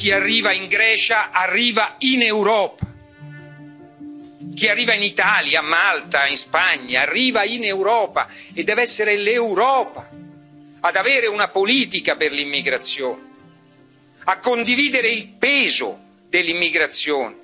Chi arriva in Grecia arriva in Europa. Chi arriva in Italia, a Malta, in Spagna, arriva in Europa e deve essere l'Europa ad avere una politica per l'immigrazione, a condividere il peso dell'immigrazione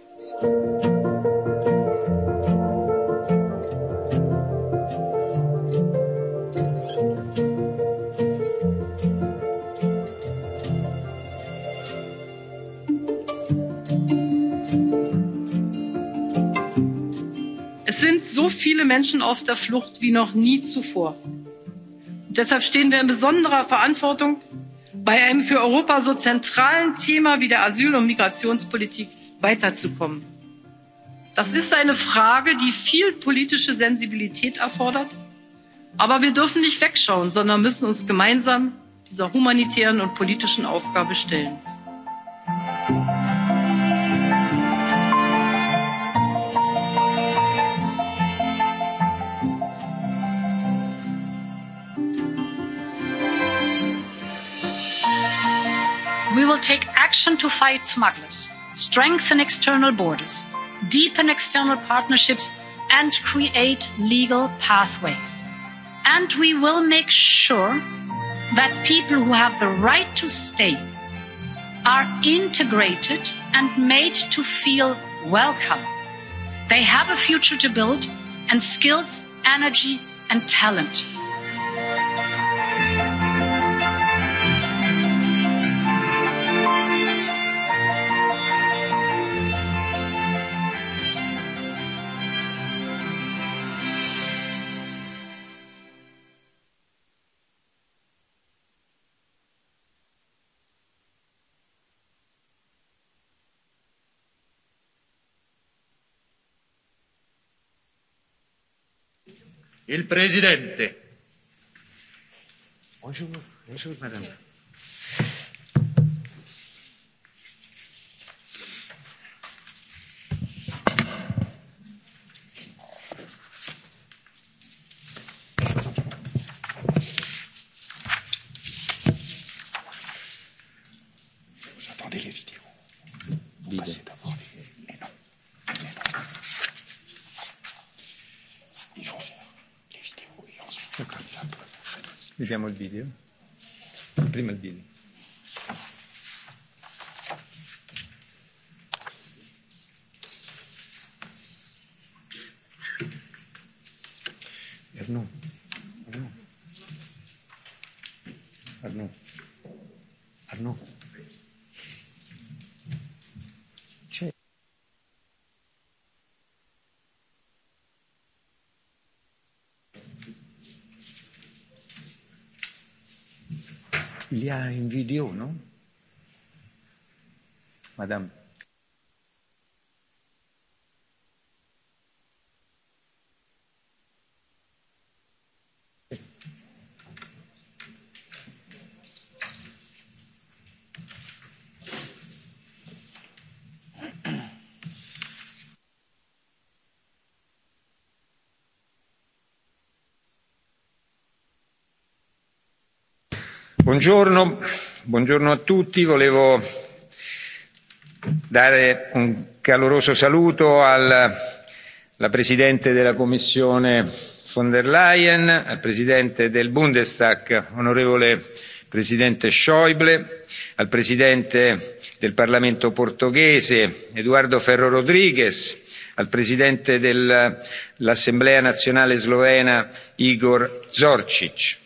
es sind so viele menschen auf der flucht wie noch nie zuvor. deshalb stehen wir in besonderer verantwortung bei einem für europa so zentralen thema wie der asyl und migrationspolitik weiterzukommen. das ist eine frage die viel politische sensibilität erfordert aber wir dürfen nicht wegschauen sondern müssen uns gemeinsam dieser humanitären und politischen aufgabe stellen. we will take action to fight smugglers strengthen external borders deepen external partnerships and create legal pathways and we will make sure that people who have the right to stay are integrated and made to feel welcome. They have a future to build and skills, energy and talent. Il Presidente. Bonjour, bonjour, madame. Vediamo il video. Prima il video. No. Il y a une vidéo, non Madame buongiorno a tutti volevo dare un caloroso saluto alla presidente della commissione von der leyen al presidente del bundestag onorevole presidente Schäuble, al presidente del parlamento portoghese eduardo ferro Rodriguez, al presidente dell'assemblea nazionale slovena igor zorčić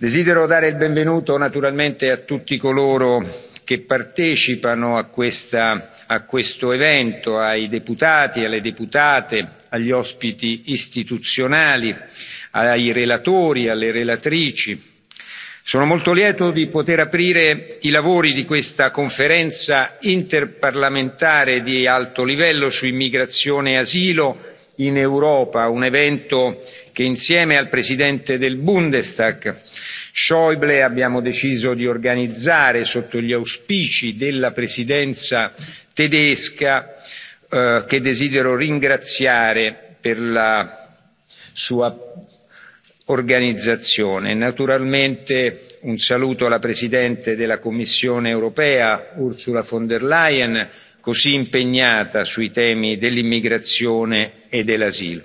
desidero dare il benvenuto naturalmente a tutti coloro che partecipano a questo evento ai deputati alle deputate agli ospiti istituzionali ai relatori alle relatrici. sono molto lieto di poter aprire i lavori di questa conferenza interparlamentare di alto livello su immigrazione e asilo in europa un evento che insieme al presidente del bundestag Schäuble abbiamo deciso di organizzare sotto gli auspici della presidenza tedesca che desidero ringraziare per la sua organizzazione. naturalmente un saluto alla presidente della commissione europea ursula von der leyen così impegnata sui temi dell'immigrazione e dell'asilo.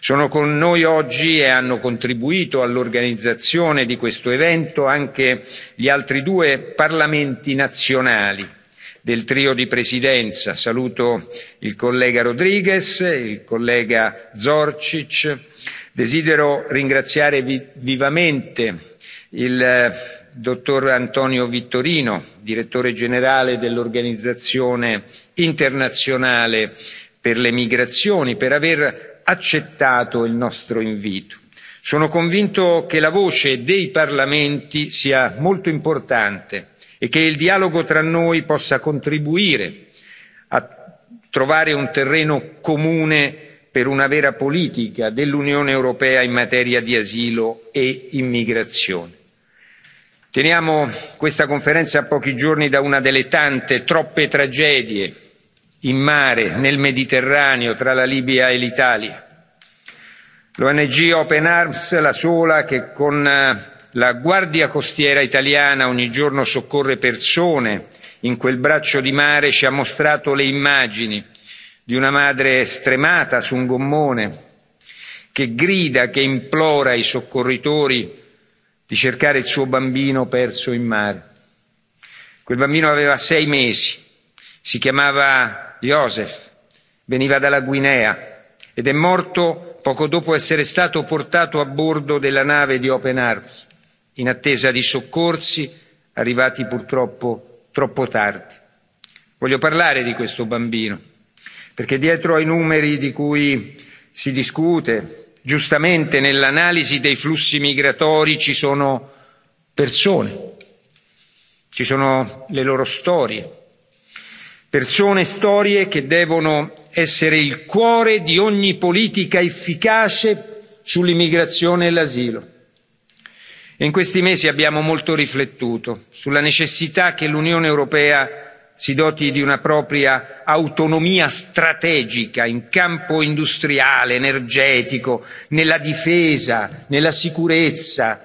sono con noi oggi e hanno contribuito all'organizzazione di questo evento anche gli altri due parlamenti nazionali del trio di presidenza saluto il collega Rodríguez, il collega Zorcic. desidero ringraziare vivamente il dottor Antonio Vittorino, direttore generale dell'Organizzazione internazionale per le migrazioni, per aver accettato il nostro invito. Sono convinto che la voce dei parlamenti sia molto importante e che il dialogo tra noi possa contribuire a trovare un terreno comune per una vera politica dell'Unione europea in materia di asilo e immigrazione teniamo questa conferenza a pochi giorni da una delle tante troppe tragedie in mare nel mediterraneo tra la libia e l'italia. l'ong open arms la sola che con la guardia costiera italiana ogni giorno soccorre persone in quel braccio di mare ci ha mostrato le immagini di una madre stremata su un gommone che grida che implora i soccorritori di cercare il suo bambino perso in mare. Quel bambino aveva sei mesi, si chiamava Joseph, veniva dalla Guinea ed è morto poco dopo essere stato portato a bordo della nave di Open Arms, in attesa di soccorsi arrivati purtroppo troppo tardi. Voglio parlare di questo bambino, perché dietro ai numeri di cui si discute, giustamente nell'analisi dei flussi migratori ci sono persone ci sono le loro storie persone e storie che devono essere il cuore di ogni politica efficace sull'immigrazione e l'asilo. in questi mesi abbiamo molto riflettuto sulla necessità che l'unione europea si doti di una propria autonomia strategica in campo industriale energetico nella difesa nella sicurezza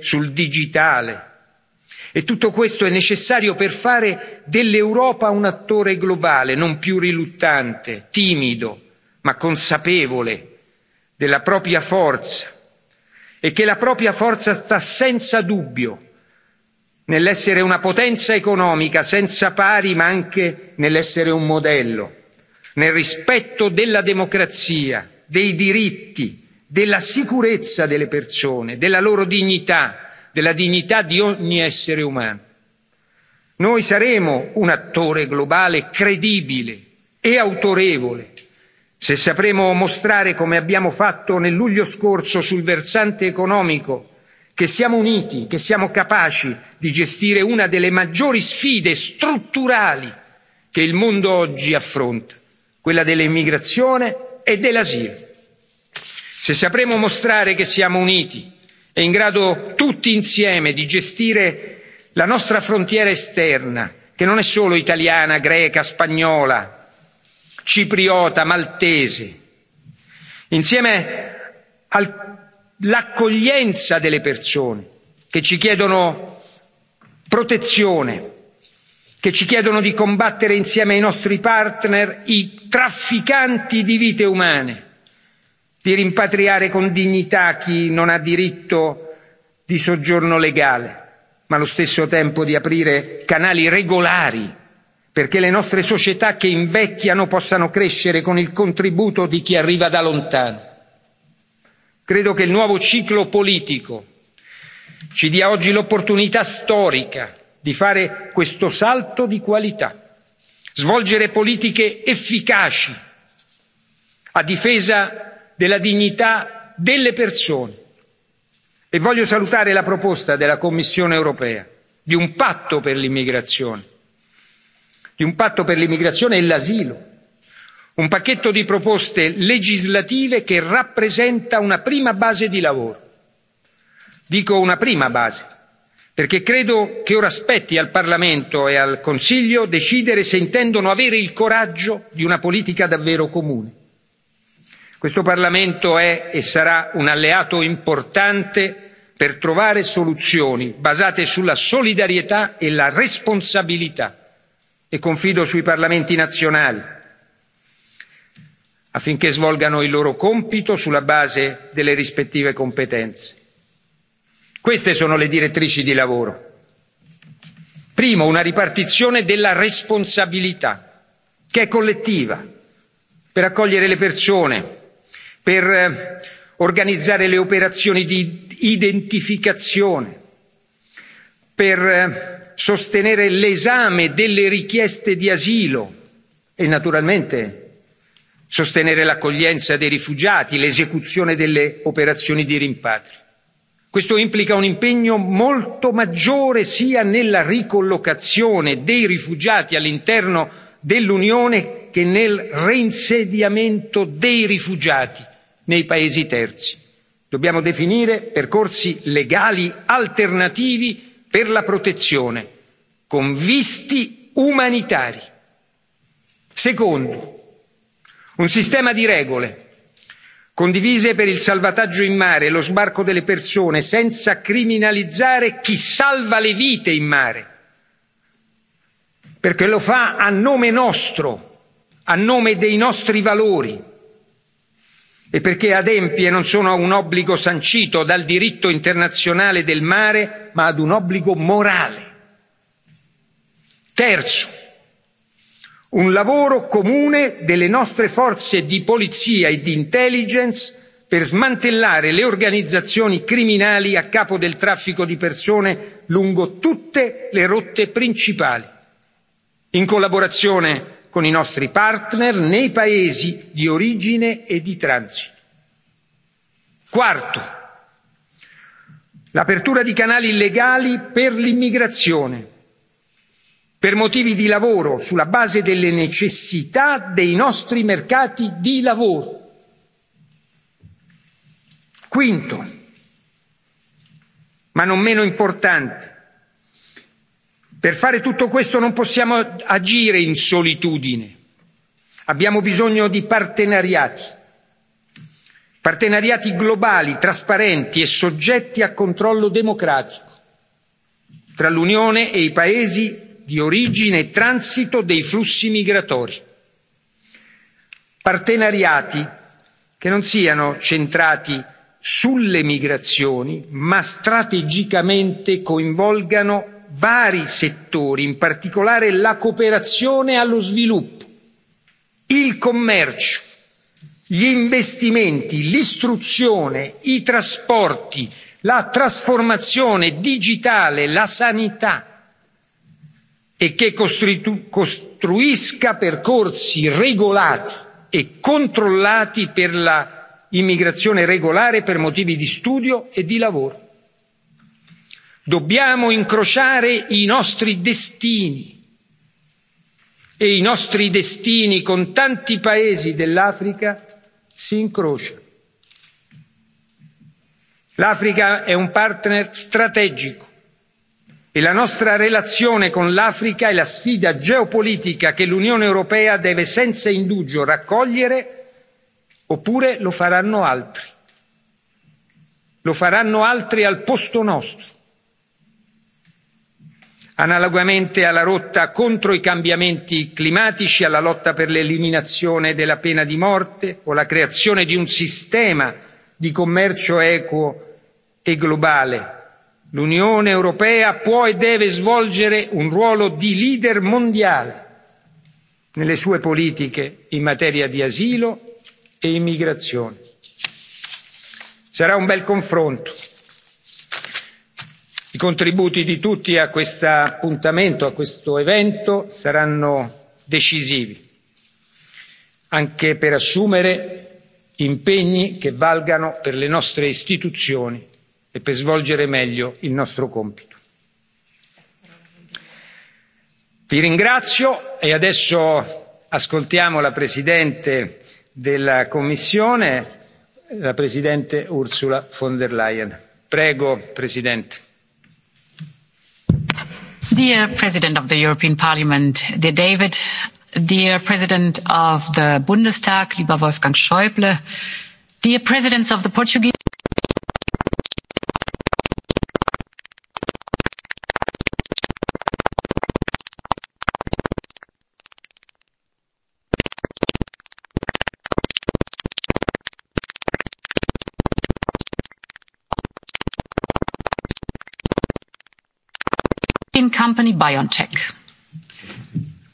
sul digitale e tutto questo è necessario per fare dell'europa un attore globale non più riluttante timido ma consapevole della propria forza e che la propria forza sta senza dubbio nell'essere una potenza economica senza pari ma anche nell'essere un modello nel rispetto della democrazia dei diritti della sicurezza delle persone della loro dignità della dignità di ogni essere umano. noi saremo un attore globale credibile e autorevole se sapremo mostrare come abbiamo fatto nel luglio scorso sul versante economico che siamo uniti che siamo capaci di gestire una delle maggiori sfide strutturali che il mondo oggi affronta quella dell'immigrazione e dell'asilo. se sapremo mostrare che siamo uniti e in grado tutti insieme di gestire la nostra frontiera esterna che non è solo italiana greca spagnola cipriota maltese insieme l'accoglienza delle persone che ci chiedono protezione che ci chiedono di combattere insieme ai nostri partner i trafficanti di vite umane di rimpatriare con dignità chi non ha diritto di soggiorno legale ma allo stesso tempo di aprire canali regolari perché le nostre società che invecchiano possano crescere con il contributo di chi arriva da lontano credo che il nuovo ciclo politico ci dia oggi l'opportunità storica di fare questo salto di qualità svolgere politiche efficaci a difesa della dignità delle persone e voglio salutare la proposta della commissione europea di un patto per l'immigrazione di un patto per l'immigrazione e l'asilo un pacchetto di proposte legislative che rappresenta una prima base di lavoro. dico una prima base perché credo che ora spetti al parlamento e al consiglio decidere se intendono avere il coraggio di una politica davvero comune. questo parlamento è e sarà un alleato importante per trovare soluzioni basate sulla solidarietà e la responsabilità e confido sui parlamenti nazionali affinché svolgano il loro compito sulla base delle rispettive competenze. queste sono le direttrici di lavoro primo una ripartizione della responsabilità che è collettiva per accogliere le persone per organizzare le operazioni di identificazione per sostenere l'esame delle richieste di asilo e naturalmente sostenere l'accoglienza dei rifugiati l'esecuzione delle operazioni di rimpatrio. questo implica un impegno molto maggiore sia nella ricollocazione dei rifugiati all'interno dell'unione che nel reinsediamento dei rifugiati nei paesi terzi. dobbiamo definire percorsi legali alternativi per la protezione con visti umanitari. secondo un sistema di regole condivise per il salvataggio in mare e lo sbarco delle persone senza criminalizzare chi salva le vite in mare perché lo fa a nome nostro a nome dei nostri valori e perché adempie non sono a un obbligo sancito dal diritto internazionale del mare ma ad un obbligo morale. terzo un lavoro comune delle nostre forze di polizia e di intelligence per smantellare le organizzazioni criminali a capo del traffico di persone lungo tutte le rotte principali in collaborazione con i nostri partner nei paesi di origine e di transito. quarto l'apertura di canali illegali per l'immigrazione per motivi di lavoro sulla base delle necessità dei nostri mercati di lavoro. Quinto, ma non meno importante, per fare tutto questo non possiamo agire in solitudine. Abbiamo bisogno di partenariati, partenariati globali, trasparenti e soggetti a controllo democratico tra l'Unione e i Paesi di origine e transito dei flussi migratori partenariati che non siano centrati sulle migrazioni ma strategicamente coinvolgano vari settori in particolare la cooperazione allo sviluppo il commercio gli investimenti l'istruzione i trasporti la trasformazione digitale la sanità e che costruisca percorsi regolati e controllati per l'immigrazione regolare per motivi di studio e di lavoro. dobbiamo incrociare i nostri destini e i nostri destini con tanti paesi dell'africa si incrociano. l'africa è un partner strategico e la nostra relazione con l'africa è la sfida geopolitica che l'unione europea deve senza indugio raccogliere oppure lo faranno altri lo faranno altri al posto nostro analogamente alla lotta contro i cambiamenti climatici alla lotta per l'eliminazione della pena di morte o la creazione di un sistema di commercio equo e globale l'unione europea può e deve svolgere un ruolo di leader mondiale nelle sue politiche in materia di asilo e immigrazione. sarà un bel confronto. i contributi di tutti a questo appuntamento a questo evento saranno decisivi anche per assumere impegni che valgano per le nostre istituzioni e per svolgere meglio il nostro compito. Vi ringrazio e adesso ascoltiamo la Presidente della Commissione, la Presidente Ursula von der Leyen. Prego, Presidente. Dear President of the European Parliament, dear David, dear President of the Bundestag, lieber Wolfgang Schäuble, dear Presidents of the Portuguese company BioNTech.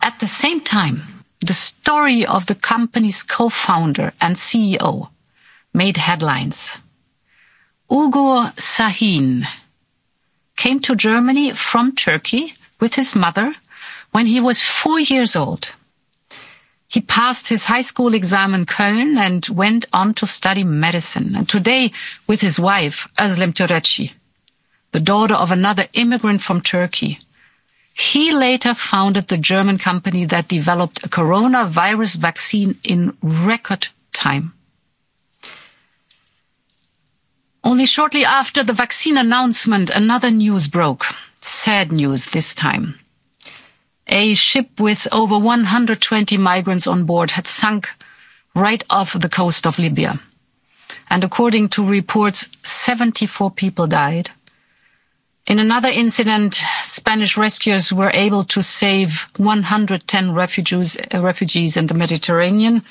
At the same time, the story of the company's co-founder and CEO made headlines. Ugur Sahin came to Germany from Turkey with his mother when he was four years old. He passed his high school exam in Köln and went on to study medicine. And today, with his wife, Özlem Türeci, the daughter of another immigrant from Turkey, He later founded the German company that developed a coronavirus vaccine in record time. Only shortly after the vaccine announcement, another news broke. Sad news this time. A ship with over 120 migrants on board had sunk right off the coast of Libya. And according to reports, 74 people died In another incident, Spanish rescuers were able to save 110 refugees, refugees in the Mediterranean.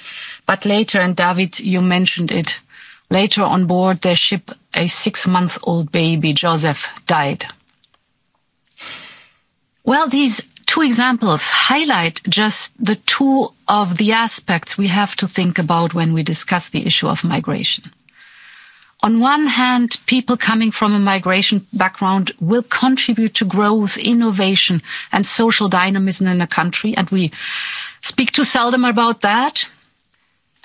But later, and David, you mentioned it, later on board their ship, a six-month-old baby, Joseph, died. Well, these two examples highlight just the two of the aspects we have to think about when we discuss the issue of migration. On one hand, people coming from a migration background will contribute to growth, innovation and social dynamism in a country, and we speak too seldom about that.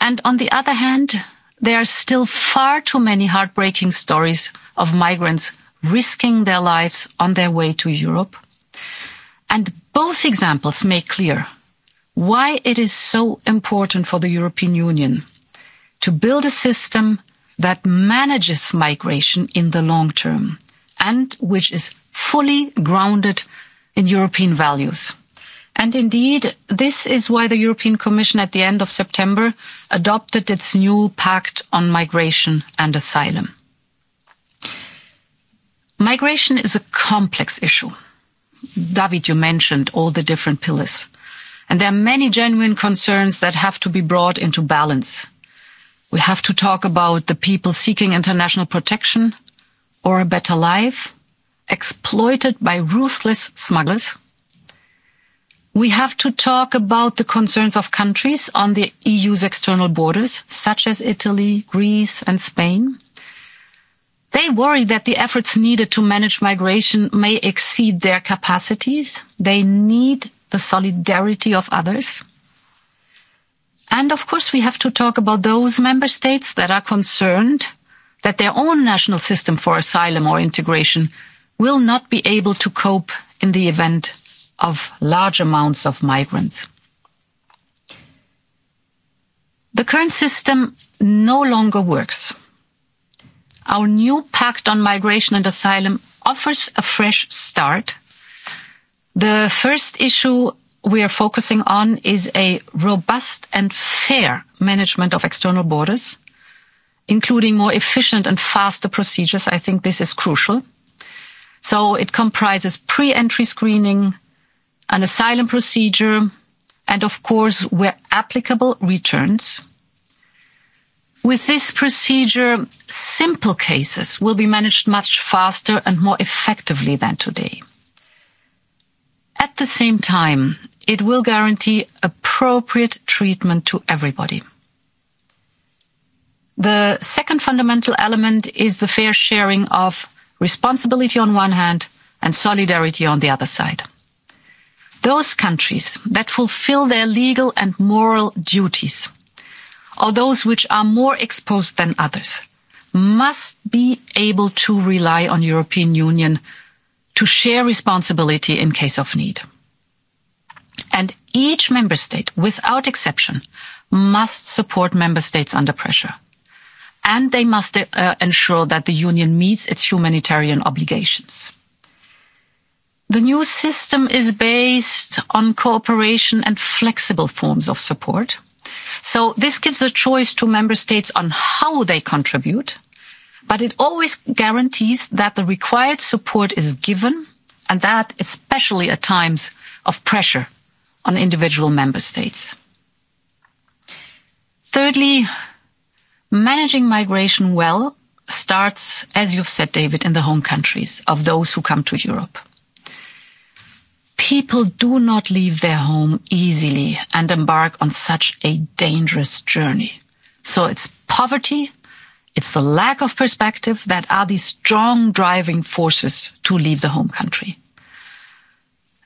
And on the other hand, there are still far too many heartbreaking stories of migrants risking their lives on their way to Europe. And both examples make clear why it is so important for the European Union to build a system that manages migration in the long term and which is fully grounded in European values. And indeed, this is why the European Commission at the end of September adopted its new Pact on Migration and Asylum. Migration is a complex issue. David, you mentioned all the different pillars. And there are many genuine concerns that have to be brought into balance. We have to talk about the people seeking international protection or a better life, exploited by ruthless smugglers. We have to talk about the concerns of countries on the EU's external borders, such as Italy, Greece and Spain. They worry that the efforts needed to manage migration may exceed their capacities. They need the solidarity of others. And of course, we have to talk about those member states that are concerned that their own national system for asylum or integration will not be able to cope in the event of large amounts of migrants. The current system no longer works. Our new Pact on Migration and Asylum offers a fresh start. The first issue we are focusing on is a robust and fair management of external borders, including more efficient and faster procedures. I think this is crucial. So it comprises pre-entry screening, an asylum procedure, and of course, where applicable, returns. With this procedure, simple cases will be managed much faster and more effectively than today. At the same time, It will guarantee appropriate treatment to everybody. The second fundamental element is the fair sharing of responsibility on one hand and solidarity on the other side. Those countries that fulfill their legal and moral duties, or those which are more exposed than others, must be able to rely on European Union to share responsibility in case of need. And each member state, without exception, must support member states under pressure. And they must ensure that the Union meets its humanitarian obligations. The new system is based on cooperation and flexible forms of support. So this gives a choice to member states on how they contribute, but it always guarantees that the required support is given and that especially at times of pressure on individual member states. Thirdly, managing migration well starts, as you've said, David, in the home countries of those who come to Europe. People do not leave their home easily and embark on such a dangerous journey. So it's poverty, it's the lack of perspective that are the strong driving forces to leave the home country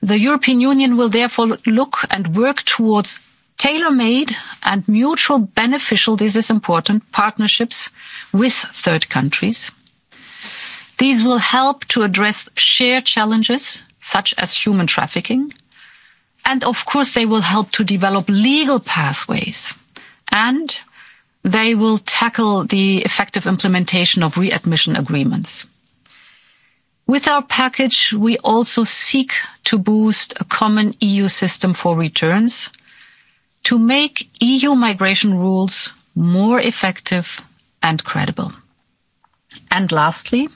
the european union will therefore look and work towards tailor made and mutual beneficial this is important partnerships with third countries these will help to address shared challenges such as human trafficking and of course they will help to develop legal pathways and they will tackle the effective implementation of readmission agreements With our package, we also seek to boost a common EU system for returns to make EU migration rules more effective and credible. And lastly,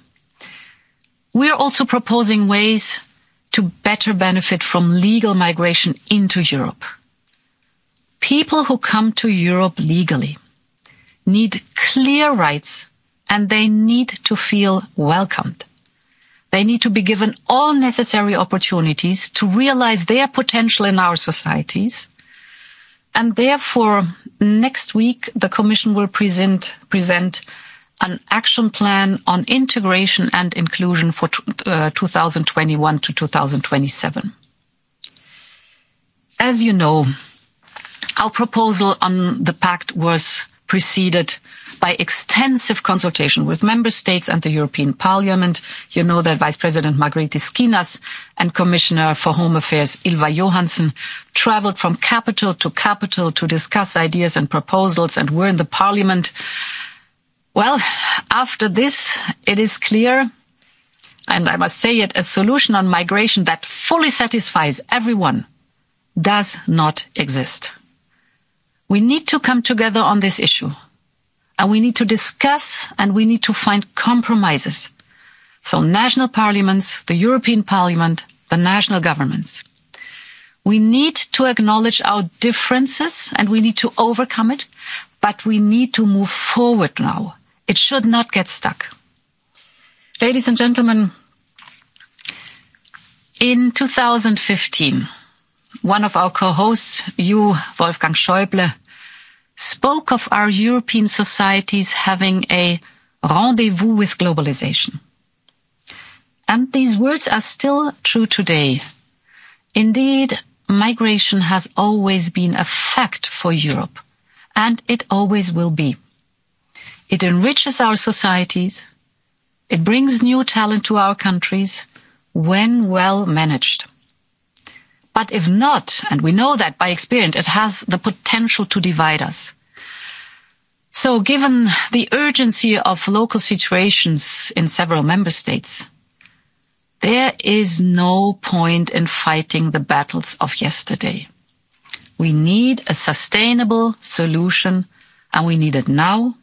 we are also proposing ways to better benefit from legal migration into Europe. People who come to Europe legally need clear rights and they need to feel welcomed. They need to be given all necessary opportunities to realize their potential in our societies. And therefore, next week, the Commission will present an action plan on integration and inclusion for 2021 to 2027. As you know, our proposal on the pact was preceded by extensive consultation with member states and the European Parliament. You know that Vice President Margrethe Skinas and Commissioner for Home Affairs Ilva Johansson traveled from capital to capital to discuss ideas and proposals and were in the Parliament. Well, after this, it is clear, and I must say it, a solution on migration that fully satisfies everyone does not exist. We need to come together on this issue. And we need to discuss and we need to find compromises. So national parliaments, the European Parliament, the national governments. We need to acknowledge our differences and we need to overcome it, but we need to move forward now. It should not get stuck. Ladies and gentlemen, in 2015, one of our co-hosts, you, Wolfgang Schäuble, spoke of our European societies having a rendezvous with globalization. And these words are still true today. Indeed, migration has always been a fact for Europe, and it always will be. It enriches our societies. It brings new talent to our countries when well managed. But if not, and we know that by experience, it has the potential to divide us. So given the urgency of local situations in several member states, there is no point in fighting the battles of yesterday. We need a sustainable solution and we need it now.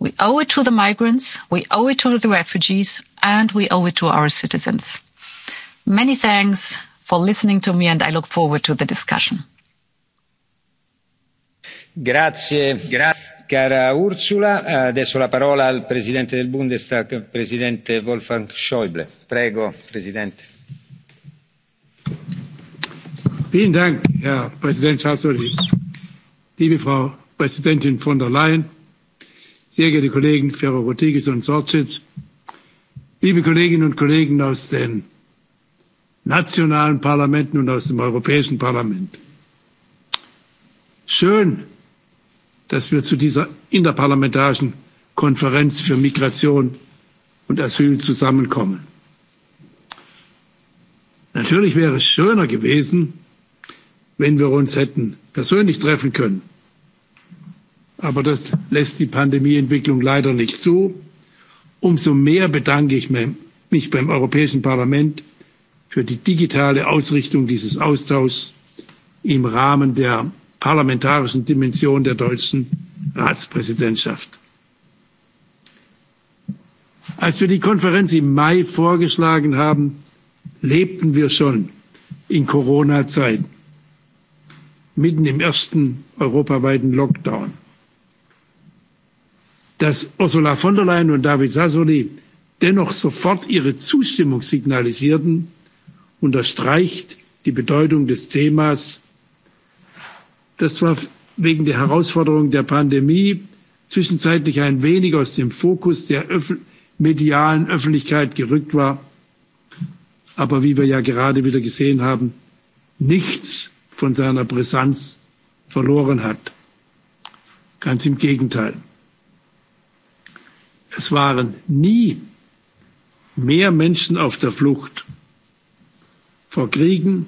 We owe it to the migrants, we owe it to the refugees, and we owe it to our citizens. Many thanks for listening to me and I look forward to the discussion. Grazie, cara Ursula. Adesso la parola al presidente del Bundestag, presidente Wolfgang Schäuble. Prego, presidente. Vielen Dank, Herr Präsident Sassoli, liebe Frau Präsidentin von der Leyen, sehr geehrte Kollegen Ferro Rodriguez und Sorcic, liebe Kolleginnen und Kollegen aus den nationalen Parlamenten und aus dem Europäischen Parlament. Schön, dass wir zu dieser interparlamentarischen Konferenz für Migration und Asyl zusammenkommen. Natürlich wäre es schöner gewesen, wenn wir uns hätten persönlich treffen können. Aber das lässt die Pandemieentwicklung leider nicht zu. Umso mehr bedanke ich mich beim Europäischen Parlament für die digitale Ausrichtung dieses Austauschs im Rahmen der parlamentarischen Dimension der deutschen Ratspräsidentschaft. Als wir die Konferenz im Mai vorgeschlagen haben, lebten wir schon in Corona-Zeiten, mitten im ersten europaweiten Lockdown. Dass Ursula von der Leyen und David Sassoli dennoch sofort ihre Zustimmung signalisierten, unterstreicht die Bedeutung des Themas. Das war wegen der Herausforderung der Pandemie zwischenzeitlich ein wenig aus dem Fokus der medialen Öffentlichkeit gerückt war, aber wie wir ja gerade wieder gesehen haben, nichts von seiner Brisanz verloren hat. Ganz im Gegenteil. Es waren nie mehr Menschen auf der Flucht vor Kriegen,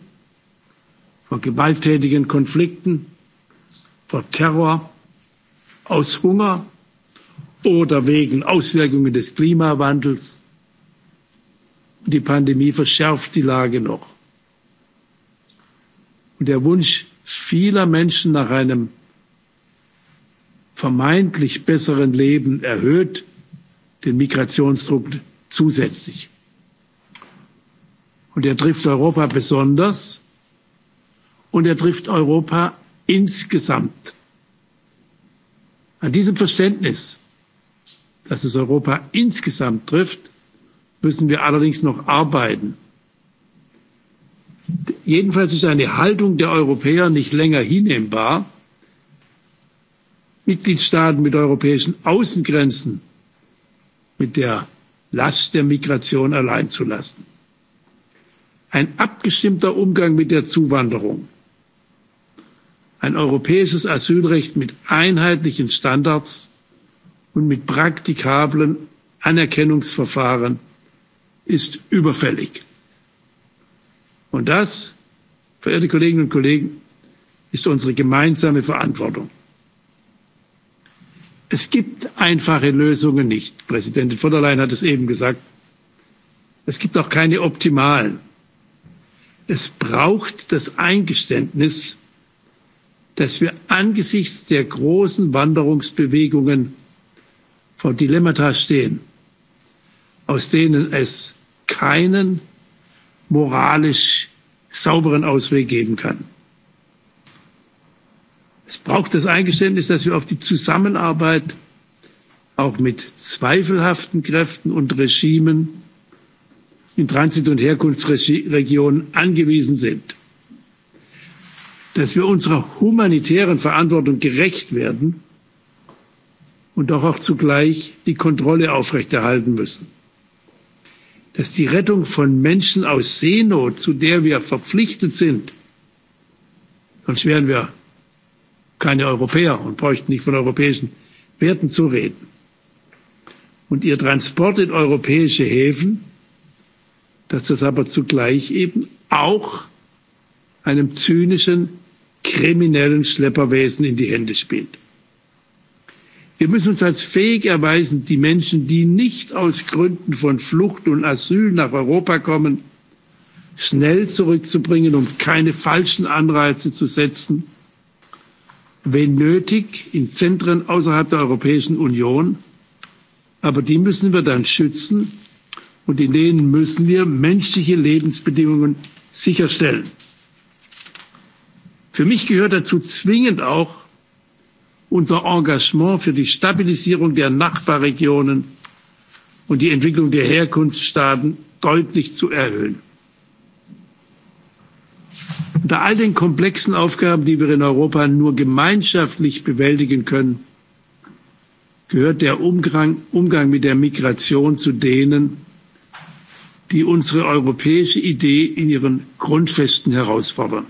vor gewalttätigen Konflikten, vor Terror, aus Hunger oder wegen Auswirkungen des Klimawandels. Die Pandemie verschärft die Lage noch. Und der Wunsch vieler Menschen nach einem vermeintlich besseren Leben erhöht den Migrationsdruck zusätzlich. Und er trifft Europa besonders und er trifft Europa insgesamt. An diesem Verständnis, dass es Europa insgesamt trifft, müssen wir allerdings noch arbeiten. Jedenfalls ist eine Haltung der Europäer nicht länger hinnehmbar. Mitgliedstaaten mit europäischen Außengrenzen mit der Last der Migration allein zu lassen ein abgestimmter Umgang mit der Zuwanderung, ein europäisches Asylrecht mit einheitlichen Standards und mit praktikablen Anerkennungsverfahren ist überfällig. Und das, verehrte Kolleginnen und Kollegen, ist unsere gemeinsame Verantwortung. Es gibt einfache Lösungen nicht. Präsidentin von der Leyen hat es eben gesagt. Es gibt auch keine optimalen es braucht das eingeständnis dass wir angesichts der großen wanderungsbewegungen vor dilemmata stehen aus denen es keinen moralisch sauberen ausweg geben kann. es braucht das eingeständnis dass wir auf die zusammenarbeit auch mit zweifelhaften kräften und regimen in Transit- und Herkunftsregionen angewiesen sind. Dass wir unserer humanitären Verantwortung gerecht werden und doch auch zugleich die Kontrolle aufrechterhalten müssen. Dass die Rettung von Menschen aus Seenot, zu der wir verpflichtet sind, sonst wären wir keine Europäer und bräuchten nicht von europäischen Werten zu reden, und ihr Transport in europäische Häfen dass das aber zugleich eben auch einem zynischen, kriminellen Schlepperwesen in die Hände spielt. Wir müssen uns als fähig erweisen, die Menschen, die nicht aus Gründen von Flucht und Asyl nach Europa kommen, schnell zurückzubringen, um keine falschen Anreize zu setzen, wenn nötig in Zentren außerhalb der Europäischen Union. Aber die müssen wir dann schützen und in denen müssen wir menschliche Lebensbedingungen sicherstellen. Für mich gehört dazu zwingend auch unser Engagement für die Stabilisierung der Nachbarregionen und die Entwicklung der Herkunftsstaaten deutlich zu erhöhen. Unter all den komplexen Aufgaben, die wir in Europa nur gemeinschaftlich bewältigen können, gehört der Umgang mit der Migration zu denen, die unsere europäische Idee in ihren Grundfesten herausfordern.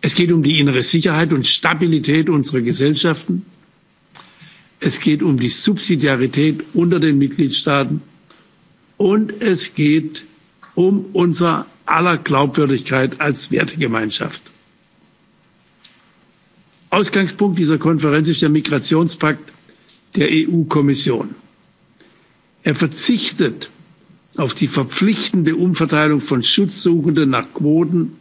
Es geht um die innere Sicherheit und Stabilität unserer Gesellschaften. Es geht um die Subsidiarität unter den Mitgliedstaaten. Und es geht um unser aller Glaubwürdigkeit als Wertegemeinschaft. Ausgangspunkt dieser Konferenz ist der Migrationspakt der EU-Kommission er verzichtet auf die verpflichtende umverteilung von schutzsuchenden nach quoten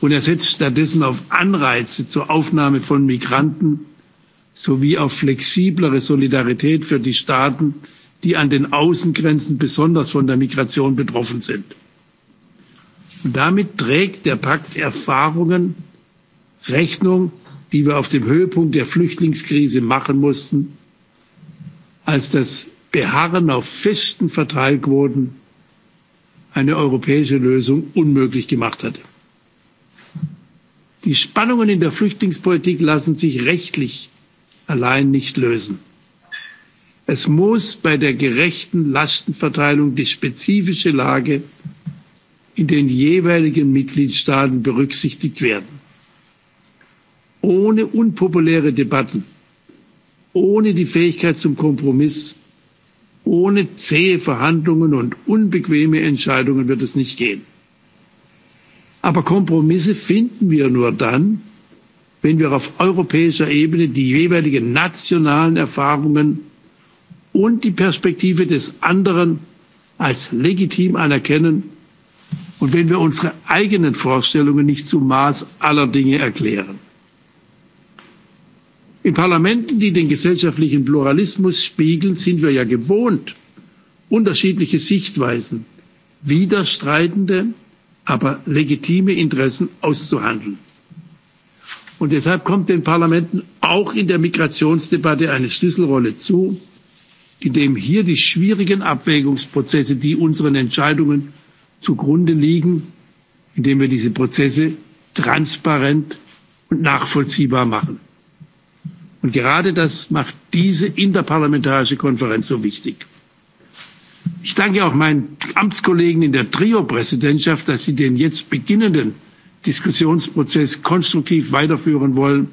und er setzt stattdessen auf anreize zur aufnahme von migranten sowie auf flexiblere solidarität für die staaten die an den außengrenzen besonders von der migration betroffen sind. damit trägt der pakt erfahrungen rechnung die wir auf dem höhepunkt der flüchtlingskrise machen mussten als das Beharren auf festen Verteilquoten eine europäische Lösung unmöglich gemacht hatte. Die Spannungen in der Flüchtlingspolitik lassen sich rechtlich allein nicht lösen. Es muss bei der gerechten Lastenverteilung die spezifische Lage in den jeweiligen Mitgliedstaaten berücksichtigt werden. Ohne unpopuläre Debatten, ohne die Fähigkeit zum Kompromiss Ohne zähe Verhandlungen und unbequeme Entscheidungen wird es nicht gehen. Aber Kompromisse finden wir nur dann, wenn wir auf europäischer Ebene die jeweiligen nationalen Erfahrungen und die Perspektive des anderen als legitim anerkennen und wenn wir unsere eigenen Vorstellungen nicht zum Maß aller Dinge erklären. In Parlamenten, die den gesellschaftlichen Pluralismus spiegeln, sind wir ja gewohnt, unterschiedliche Sichtweisen, widerstreitende, aber legitime Interessen auszuhandeln. Und deshalb kommt den Parlamenten auch in der Migrationsdebatte eine Schlüsselrolle zu, indem hier die schwierigen Abwägungsprozesse, die unseren Entscheidungen zugrunde liegen, indem wir diese Prozesse transparent und nachvollziehbar machen. Und gerade das macht diese interparlamentarische Konferenz so wichtig. Ich danke auch meinen Amtskollegen in der Trio-Präsidentschaft, dass sie den jetzt beginnenden Diskussionsprozess konstruktiv weiterführen wollen,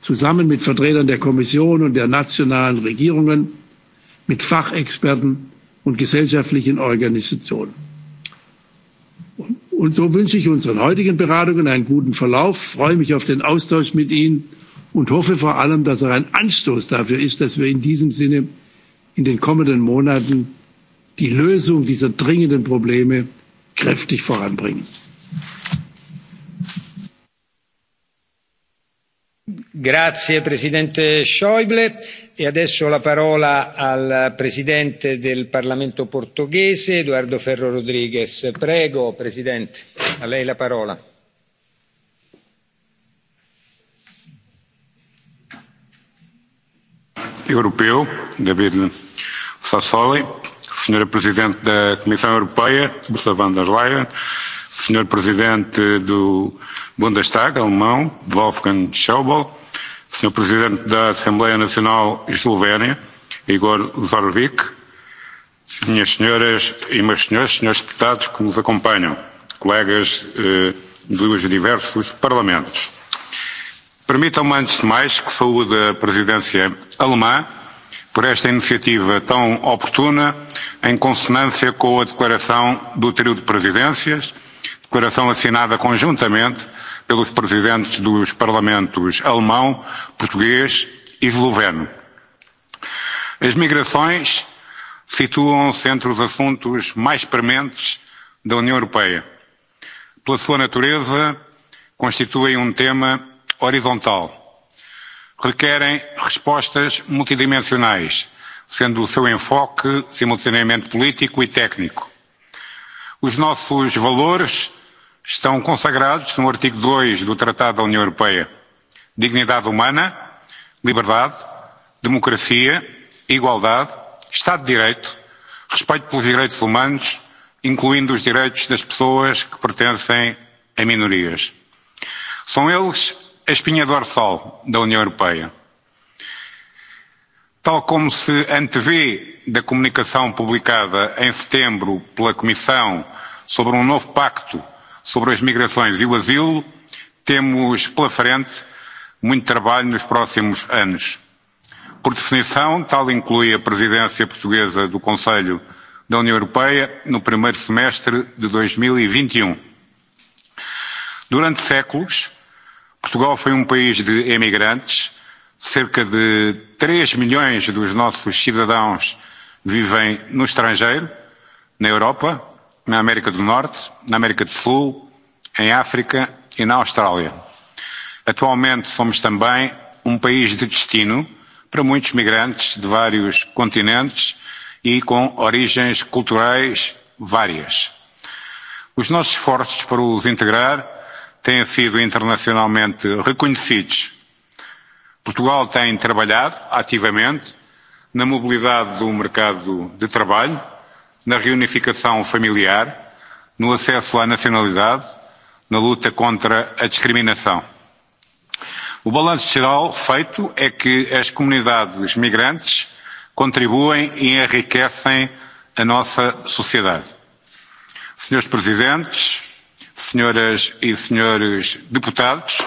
zusammen mit Vertretern der Kommission und der nationalen Regierungen, mit Fachexperten und gesellschaftlichen Organisationen. Und so wünsche ich unseren heutigen Beratungen einen guten Verlauf, freue mich auf den Austausch mit Ihnen und hoffe vor allem, dass er ein Anstoß dafür ist, dass wir in diesem Sinne in den kommenden Monaten die Lösung dieser dringenden Probleme kräftig voranbringen. Grazie Presidente Schäuble e adesso la parola al Presidente del Parlamento portoghese, Eduardo Ferro Rodriguez. Prego Presidente, a lei la parola. Europeu, David Sassoli, Sra. Presidente da Comissão Europeia, Ursula von der Leyen, Sr. Presidente do Bundestag alemão, Wolfgang Schäuble, Sr. Presidente da Assembleia Nacional Eslovénia, Igor Zorvik, minhas senhoras e meus senhores, senhores deputados que nos acompanham, colegas dos diversos parlamentos. Permitam-me, antes de mais, que saúde a presidência alemã por esta iniciativa tão oportuna, em consonância com a declaração do trio de presidências, declaração assinada conjuntamente pelos presidentes dos parlamentos alemão, português e esloveno. As migrações situam-se entre os assuntos mais prementes da União Europeia. Pela sua natureza, constituem um tema horizontal. Requerem respostas multidimensionais, sendo o seu enfoque simultaneamente político e técnico. Os nossos valores estão consagrados no artigo 2 do Tratado da União Europeia. Dignidade humana, liberdade, democracia, igualdade, Estado de Direito, respeito pelos direitos humanos, incluindo os direitos das pessoas que pertencem a minorias. São eles a espinha dorsal da União Europeia. Tal como se antevê da comunicação publicada em setembro pela Comissão sobre um novo pacto sobre as migrações e o asilo, temos pela frente muito trabalho nos próximos anos. Por definição, tal inclui a presidência portuguesa do Conselho da União Europeia no primeiro semestre de 2021. Durante séculos, Portugal foi um país de emigrantes. Cerca de 3 milhões dos nossos cidadãos vivem no estrangeiro, na Europa, na América do Norte, na América do Sul, em África e na Austrália. Atualmente somos também um país de destino para muitos migrantes de vários continentes e com origens culturais várias. Os nossos esforços para os integrar têm sido internacionalmente reconhecidos. Portugal tem trabalhado ativamente na mobilidade do mercado de trabalho, na reunificação familiar, no acesso à nacionalidade, na luta contra a discriminação. O balanço geral feito é que as comunidades migrantes contribuem e enriquecem a nossa sociedade. Senhores Presidentes, senhoras e senhores deputados,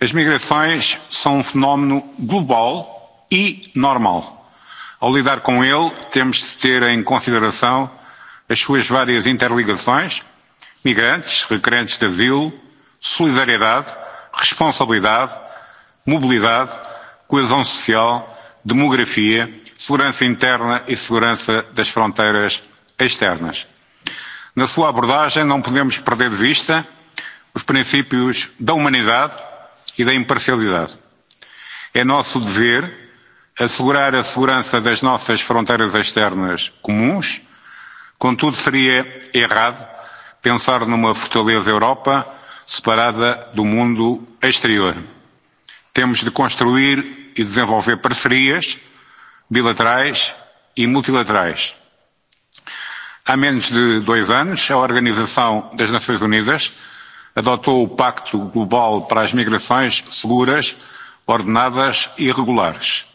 as migrações são um fenómeno global e normal. Ao lidar com ele, temos de ter em consideração as suas várias interligações, migrantes, requerentes de asilo, solidariedade, responsabilidade, mobilidade, coesão social, demografia, segurança interna e segurança das fronteiras externas. Na sua abordagem, não podemos perder de vista os princípios da humanidade e da imparcialidade. É nosso dever assegurar a segurança das nossas fronteiras externas comuns, contudo, seria errado pensar numa fortaleza Europa separada do mundo exterior. Temos de construir e desenvolver parcerias bilaterais e multilaterais Há menos de dois anos, a Organização das Nações Unidas adotou o Pacto Global para as Migrações Seguras, Ordenadas e Regulares.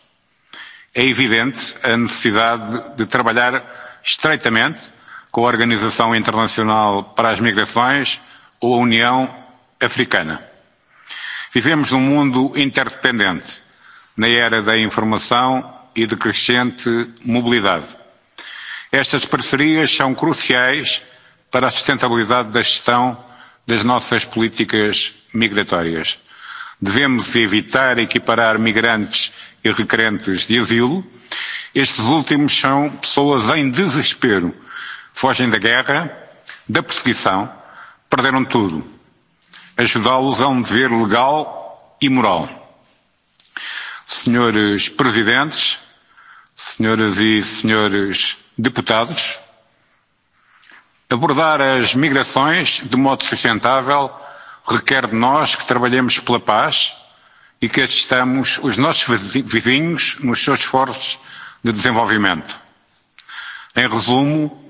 É evidente a necessidade de trabalhar estreitamente com a Organização Internacional para as Migrações ou a União Africana. Vivemos num mundo interdependente, na era da informação e de crescente mobilidade Estas parcerias são cruciais para a sustentabilidade da gestão das nossas políticas migratórias. Devemos evitar equiparar migrantes e requerentes de asilo. Estes últimos são pessoas em desespero. Fogem da guerra, da perseguição, perderam tudo. Ajudá-los é um dever legal e moral. Senhores Presidentes, senhoras e senhores deputados, abordar as migrações de modo sustentável requer de nós que trabalhemos pela paz e que assistamos os nossos vizinhos nos seus esforços de desenvolvimento. Em resumo,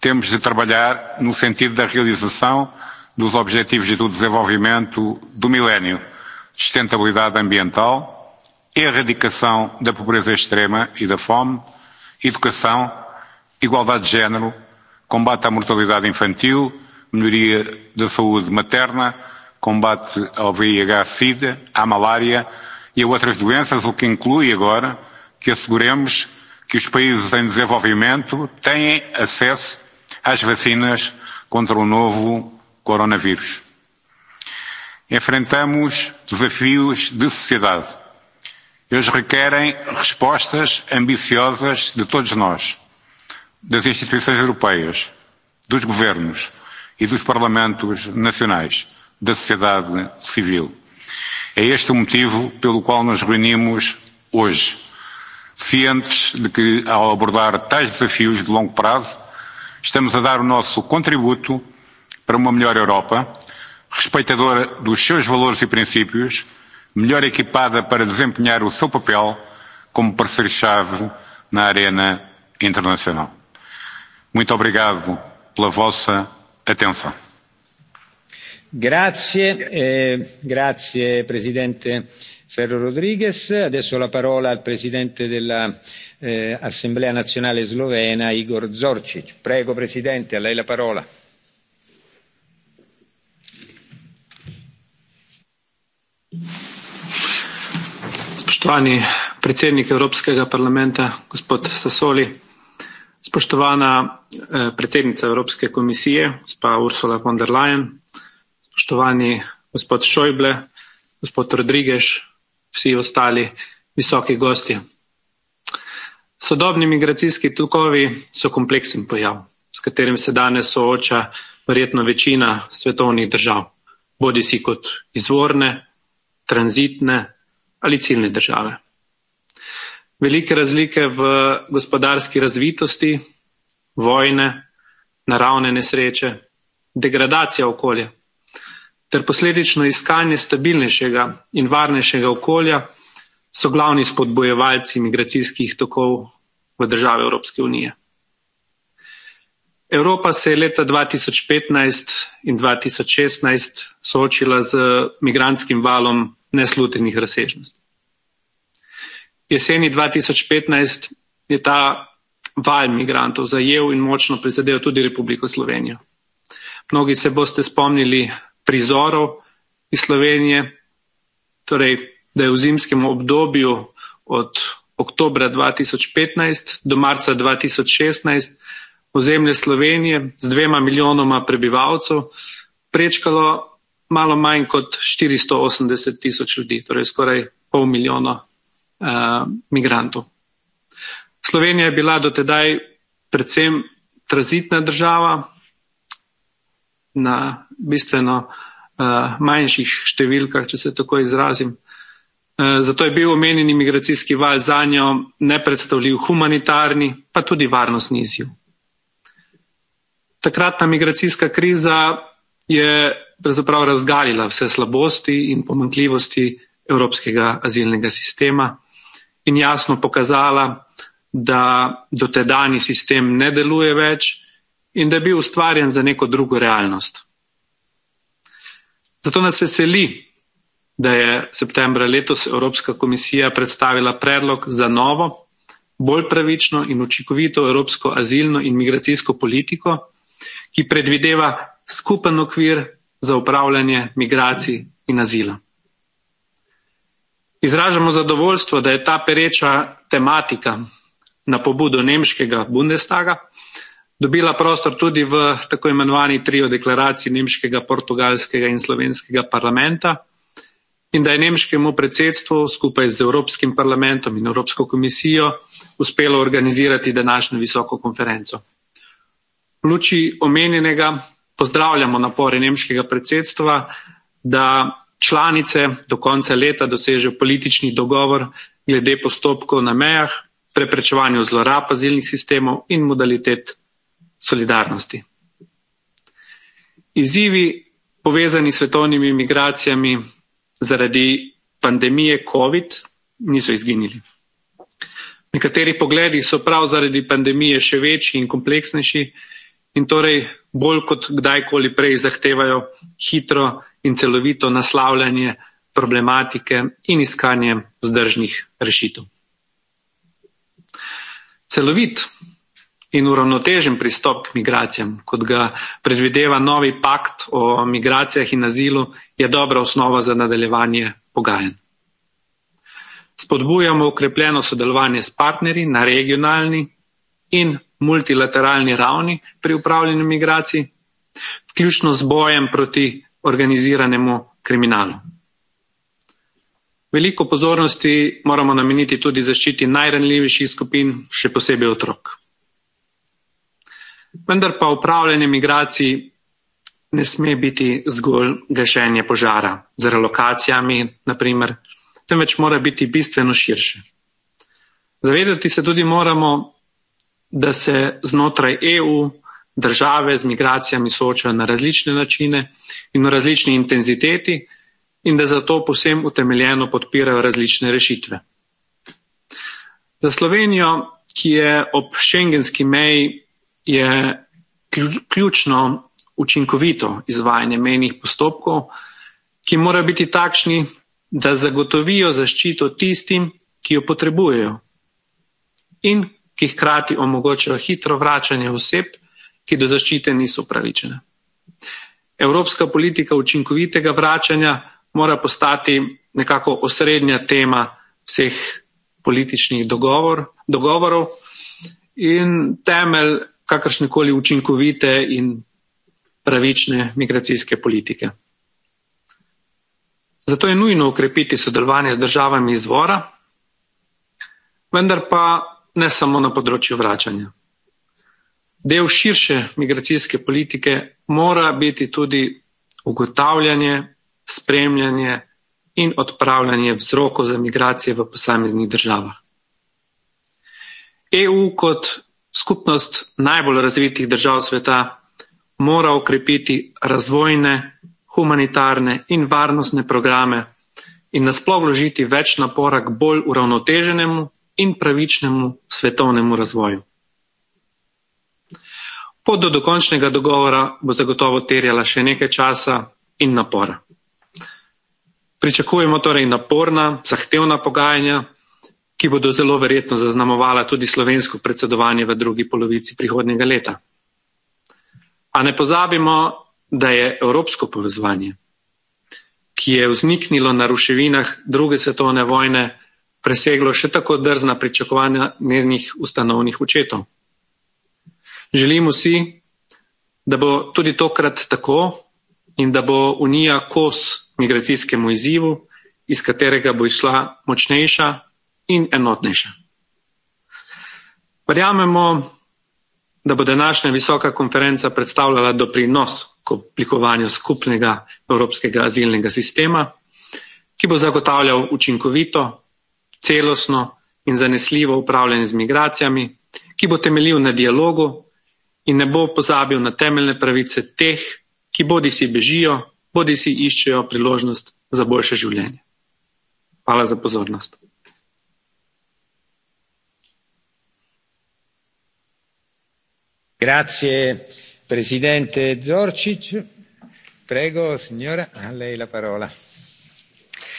temos de trabalhar no sentido da realização dos Objetivos do Desenvolvimento do Milénio, sustentabilidade ambiental, erradicação da pobreza extrema e da fome, educação, igualdade de género, combate à mortalidade infantil, melhoria da saúde materna, combate ao VIH-Sida, à malária e a outras doenças, o que inclui agora que asseguremos que os países em desenvolvimento têm acesso às vacinas contra o novo coronavírus. Enfrentamos desafios de sociedade Eles requerem respostas ambiciosas de todos nós, das instituições europeias, dos governos e dos parlamentos nacionais, da sociedade civil. É este o motivo pelo qual nos reunimos hoje, cientes de que, ao abordar tais desafios de longo prazo, estamos a dar o nosso contributo para uma melhor Europa, respeitadora dos seus valores e princípios melhor equipada para desempenhar o seu papel como parceiro-chave na arena internacional. Muito obrigado pela vossa atenção. Grazie, grazie Presidente Ferro Rodriguez. Adesso la parola al Presidente dell'Assemblea Nazionale Slovena, Igor Zorcic. Prego Presidente, a lei la parola. Spoštovani predsednik Evropskega parlamenta, gospod Sasoli, spoštovana predsednica Evropske komisije, gospa Ursula von der Leyen, spoštovani gospod Šojble, gospod Rodrigež, vsi ostali visoki gosti. Sodobni migracijski tokovi so kompleksen pojav, s katerim se danes sooča verjetno večina svetovnih držav, bodisi kot izvorne, tranzitne ali ciljne države. Velike razlike v gospodarski razvitosti, vojne, naravne nesreče, degradacija okolja ter posledično iskanje stabilnejšega in varnejšega okolja so glavni spodbojevalci migracijskih tokov v države Evropske unije. Evropa se je leta 2015 in 2016 soočila z migranskim valom neslutenih razsežnosti. Jeseni 2015 je ta val migrantov zajel in močno prizadel tudi Republiko Slovenijo. Mnogi se boste spomnili prizorov iz Slovenije, torej, da je v zimskem obdobju od oktobra 2015 do marca 2016 ozemlje Slovenije z dvema milijonoma prebivalcev prečkalo malo manj kot 480 tisoč ljudi, torej skoraj pol milijona uh, migrantov. Slovenija je bila do tedaj predvsem tranzitna država na bistveno uh, manjših številkah, če se tako izrazim. zato je bil omenjeni migracijski val za njo nepredstavljiv humanitarni, pa tudi varnostni izziv. Takratna migracijska kriza je pravzaprav razgalila vse slabosti in pomankljivosti evropskega azilnega sistema in jasno pokazala, da dotedani sistem ne deluje več in da je bil ustvarjen za neko drugo realnost. Zato nas veseli, da je septembra letos Evropska komisija predstavila predlog za novo, bolj pravično in učinkovito evropsko azilno in migracijsko politiko, ki predvideva skupen okvir za upravljanje migracij in azila. Izražamo zadovoljstvo, da je ta pereča tematika na pobudo nemškega Bundestaga dobila prostor tudi v tako imenovani trio deklaraciji nemškega, portugalskega in slovenskega parlamenta in da je nemškemu predsedstvu skupaj z Evropskim parlamentom in Evropsko komisijo uspelo organizirati današnjo visoko konferenco. V luči omenjenega Pozdravljamo napore nemškega predsedstva, da članice do konca leta dosežejo politični dogovor glede postopkov na mejah, preprečevanju zlorab azilnih sistemov in modalitet solidarnosti. Izzivi povezani s svetovnimi migracijami zaradi pandemije COVID niso izginili. Nekateri pogledi so prav zaradi pandemije še večji in kompleksnejši, in torej bolj kot kdajkoli prej zahtevajo hitro in celovito naslavljanje problematike in iskanje vzdržnih rešitev. Celovit in uravnotežen pristop k migracijam, kot ga predvideva novi pakt o migracijah in azilu, je dobra osnova za nadaljevanje pogajanj. Spodbujamo ukrepljeno sodelovanje s partnerji na regionalni in multilateralni ravni pri upravljanju migraciji, vključno z bojem proti organiziranemu kriminalu. Veliko pozornosti moramo nameniti tudi zaščiti najranljivejših skupin, še posebej otrok. Vendar pa upravljanje migraciji ne sme biti zgolj gašenje požara z relokacijami, naprimer, temveč mora biti bistveno širše. Zavedati se tudi moramo, da se znotraj EU države z migracijami soočajo na različne načine in v različni intenziteti in da zato povsem utemeljeno podpirajo različne rešitve. Za Slovenijo, ki je ob šengenski meji, je ključno učinkovito izvajanje menih postopkov, ki morajo biti takšni, da zagotovijo zaščito tistim, ki jo potrebujejo in ki hkrati omogočajo hitro vračanje oseb, ki do zaščite niso upravičene. Evropska politika učinkovitega vračanja mora postati nekako osrednja tema vseh političnih dogovor, dogovorov in temelj kakršnekoli učinkovite in pravične migracijske politike. Zato je nujno okrepiti sodelovanje z državami izvora, vendar pa ne samo na področju vračanja. Del širše migracijske politike mora biti tudi ugotavljanje, spremljanje in odpravljanje vzrokov za migracije v posameznih državah. EU kot skupnost najbolj razvitih držav sveta mora okrepiti razvojne, humanitarne in varnostne programe in nasploh vložiti več napora k bolj uravnoteženemu in pravičnemu svetovnemu razvoju. Pot do dokončnega dogovora bo zagotovo terjala še nekaj časa in napora. Pričakujemo torej naporna, zahtevna pogajanja, ki bodo zelo verjetno zaznamovala tudi slovensko predsedovanje v drugi polovici prihodnega leta. A ne pozabimo, da je evropsko povezovanje, ki je vzniknilo na ruševinah druge svetovne vojne, preseglo še tako drzna pričakovanja njenih ustanovnih očetov. Želimo si, da bo tudi tokrat tako in da bo Unija kos migracijskemu izzivu, iz katerega bo išla močnejša in enotnejša. Verjamemo, da bo današnja visoka konferenca predstavljala doprinos k oblikovanju skupnega evropskega azilnega sistema, ki bo zagotavljal učinkovito celosno in zanesljivo upravljanje z migracijami, ki bo temeljil na dialogu in ne bo pozabil na temeljne pravice teh, ki bodi si bežijo, bodi si iščejo priložnost za boljše življenje. Hvala za pozornost. Grazie presidente Zorčič. Prego signora, a lei la parola.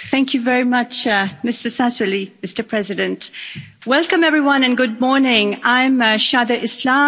Thank you very much, Mr. Sassoli, Mr. President. Welcome, everyone, and good morning. I'm Shada Islam